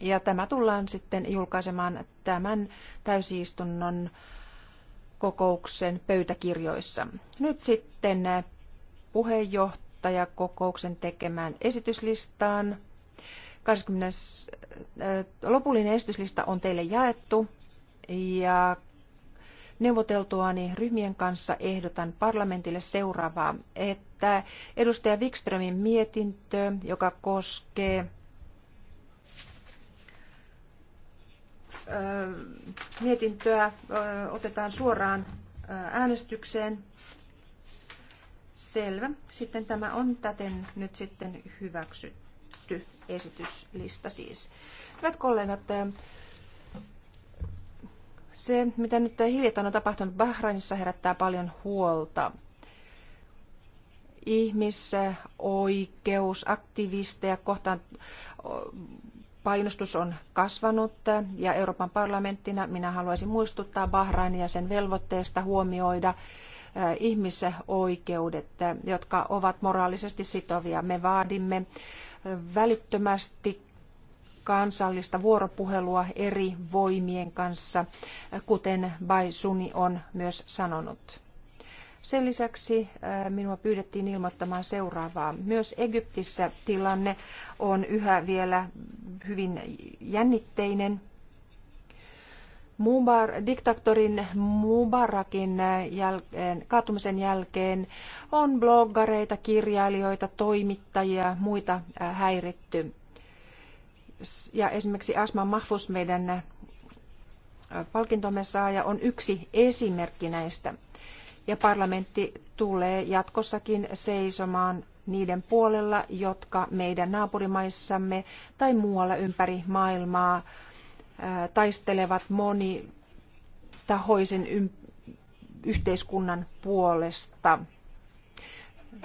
Ja tämä tullaan sitten julkaisemaan tämän täysistunnon kokouksen pöytäkirjoissa. Nyt sitten puheenjohtajakokouksen tekemään esityslistaan. 20. Äh, lopullinen esityslista on teille jaettu ja neuvoteltuani ryhmien kanssa ehdotan parlamentille seuraavaa, että edustaja Wikströmin mietintö, joka koskee mietintöä otetaan suoraan äänestykseen. Selvä. Sitten tämä on täten nyt sitten hyväksytty esityslista siis. Hyvät kollegat, se mitä nyt hiljattain on tapahtunut Bahrainissa herättää paljon huolta ihmisoikeusaktivisteja kohtaan painostus on kasvanut ja Euroopan parlamenttina minä haluaisin muistuttaa Bahrainia sen velvoitteesta huomioida eh, ihmisoikeudet, eh, jotka ovat moraalisesti sitovia. Me vaadimme eh, välittömästi kansallista vuoropuhelua eri voimien kanssa, kuten Bai Suni on myös sanonut. Sen lisäksi minua pyydettiin ilmoittamaan seuraavaa. Myös Egyptissä tilanne on yhä vielä hyvin jännitteinen. Mubar, diktatorin Mubarakin jälkeen, kaatumisen jälkeen on bloggareita, kirjailijoita, toimittajia, muita häiritty. Ja esimerkiksi Asma Mahfus, meidän palkintomme saaja, on yksi esimerkki näistä ja parlamentti tulee jatkossakin seisomaan niiden puolella, jotka meidän naapurimaissamme tai muualla ympäri maailmaa taistelevat monitahoisen yhteiskunnan puolesta.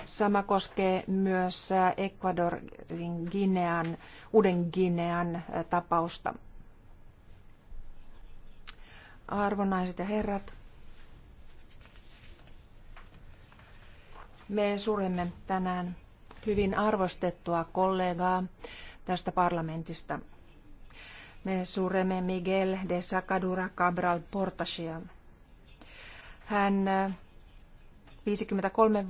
Sama koskee myös Ecuadorin Ginean, Uuden Ginean tapausta. Arvonaiset ja herrat, Me suremme tänään hyvin arvostettua kollegaa tästä parlamentista. Me suremme Miguel de Sacadura Cabral Portasia. Hän 53 äh,